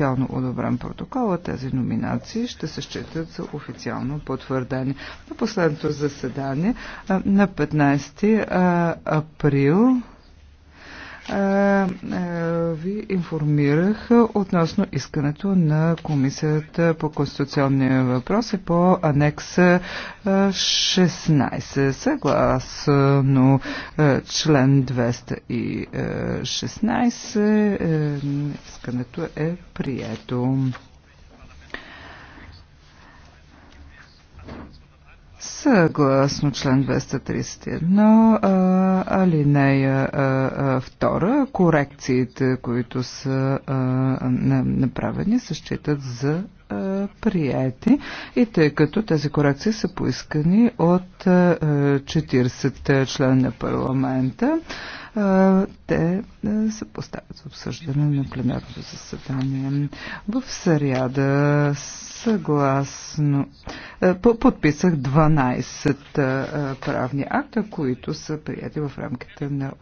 официално одобрен протокол, а тези номинации ще се считат за официално потвърдени. На последното заседание на 15 април ви информирах относно искането на Комисията по конституционния въпрос и по анекс 16. Съгласно член 216 е, искането е прието. Съгласно член 231, алинея 2, корекциите, които са направени, се считат за приети и тъй като тези корекции са поискани от 40 член на парламента, те се поставят за обсъждане на пленарното заседание. В сряда, съгласно е, подписах 12 е, е, правни акта, които са прияти в рамките на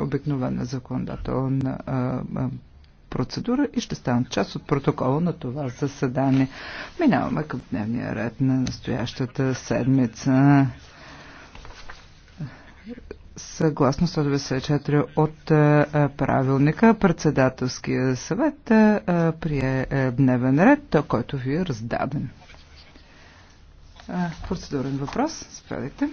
обикновена законодателна процедура и ще станат част от протокола на това заседание. Минаваме към дневния ред на настоящата седмица. Съгласно 194 от правилника, председателския съвет прие дневен ред, който ви е раздаден. Процедурен въпрос. Справите.